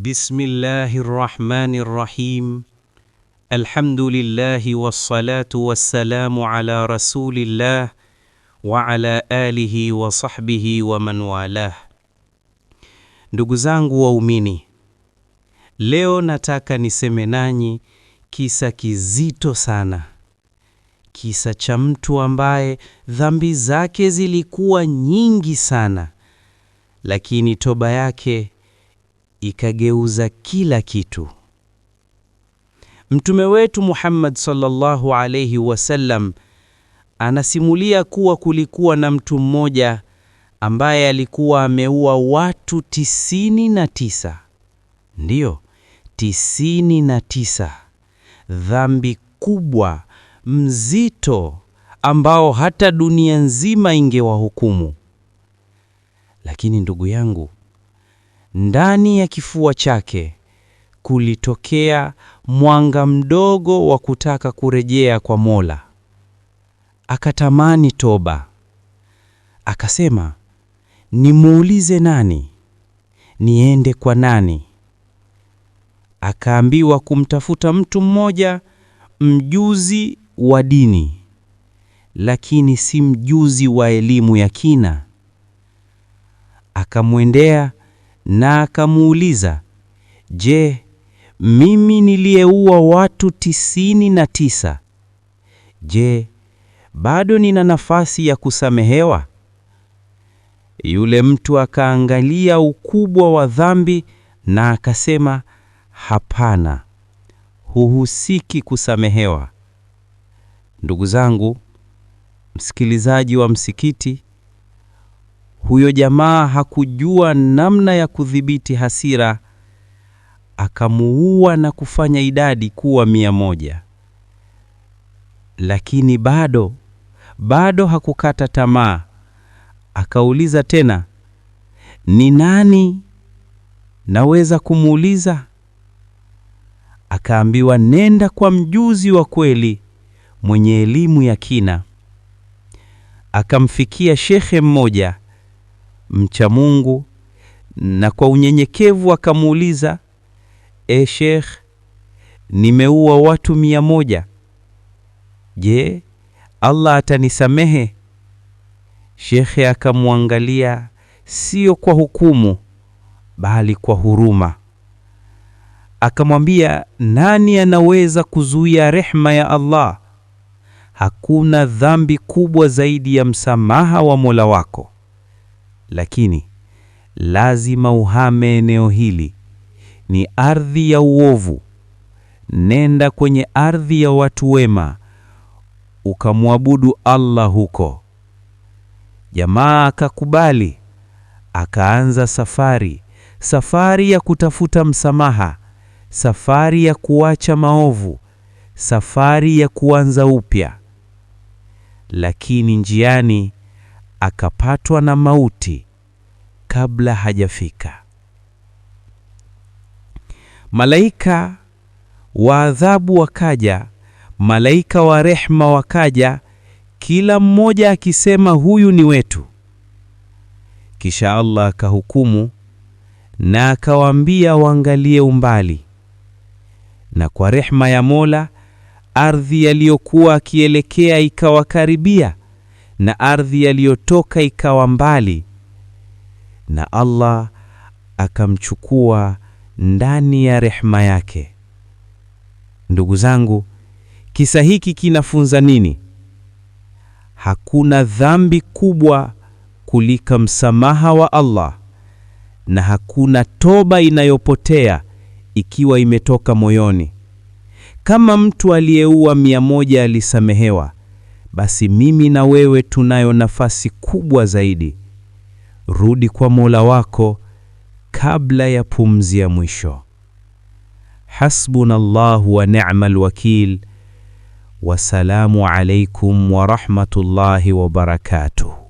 Bismillahi rahmani rahim. الرحيم الحمد لله والصلاة rasulillah على رسول الله وعلى آله وصحبه ومن والاه Ndugu zangu waumini, leo nataka niseme nanyi kisa kizito sana, kisa cha mtu ambaye dhambi zake zilikuwa nyingi sana, lakini toba yake ikageuza kila kitu. Mtume wetu Muhammad sallallahu alayhi wasallam anasimulia kuwa kulikuwa na mtu mmoja ambaye alikuwa ameua watu tisini na tisa. Ndiyo, tisini na tisa. Dhambi kubwa mzito ambao hata dunia nzima ingewahukumu. Lakini ndugu yangu, ndani ya kifua chake kulitokea mwanga mdogo wa kutaka kurejea kwa Mola. Akatamani toba, akasema nimuulize nani? Niende kwa nani? Akaambiwa kumtafuta mtu mmoja mjuzi wa dini, lakini si mjuzi wa elimu ya kina. Akamwendea na akamuuliza, Je, mimi niliyeua watu tisini na tisa, je, bado nina nafasi ya kusamehewa? Yule mtu akaangalia ukubwa wa dhambi na akasema, hapana, huhusiki kusamehewa. Ndugu zangu, msikilizaji wa msikiti, huyo jamaa hakujua namna ya kudhibiti hasira, akamuua na kufanya idadi kuwa mia moja. Lakini bado bado hakukata tamaa. Akauliza tena, ni nani naweza kumuuliza? Akaambiwa, nenda kwa mjuzi wa kweli mwenye elimu ya kina. Akamfikia shekhe mmoja mcha Mungu, na kwa unyenyekevu akamuuliza, e Sheikh, nimeua watu mia moja, je, Allah atanisamehe? Shekhe akamwangalia sio kwa hukumu, bali kwa huruma, akamwambia, nani anaweza kuzuia rehma ya Allah? Hakuna dhambi kubwa zaidi ya msamaha wa Mola wako lakini lazima uhame eneo hili. Ni ardhi ya uovu. Nenda kwenye ardhi ya watu wema ukamwabudu Allah huko. Jamaa akakubali, akaanza safari, safari ya kutafuta msamaha, safari ya kuacha maovu, safari ya kuanza upya. Lakini njiani akapatwa na mauti kabla hajafika. Malaika wa adhabu wakaja, malaika wa rehma wakaja, kila mmoja akisema huyu ni wetu. Kisha Allah akahukumu na akawaambia waangalie umbali, na kwa rehma ya Mola ardhi yaliyokuwa akielekea ikawakaribia na ardhi yaliyotoka ikawa mbali, na Allah akamchukua ndani ya rehema yake. Ndugu zangu, kisa hiki kinafunza nini? Hakuna dhambi kubwa kulika msamaha wa Allah, na hakuna toba inayopotea ikiwa imetoka moyoni. Kama mtu aliyeua mia moja alisamehewa, basi mimi na wewe tunayo nafasi kubwa zaidi. Rudi kwa Mola wako kabla ya pumzi ya mwisho. Hasbunallahu wa ni'mal wakil. Wasalamu alaykum wa rahmatullahi wa barakatuh.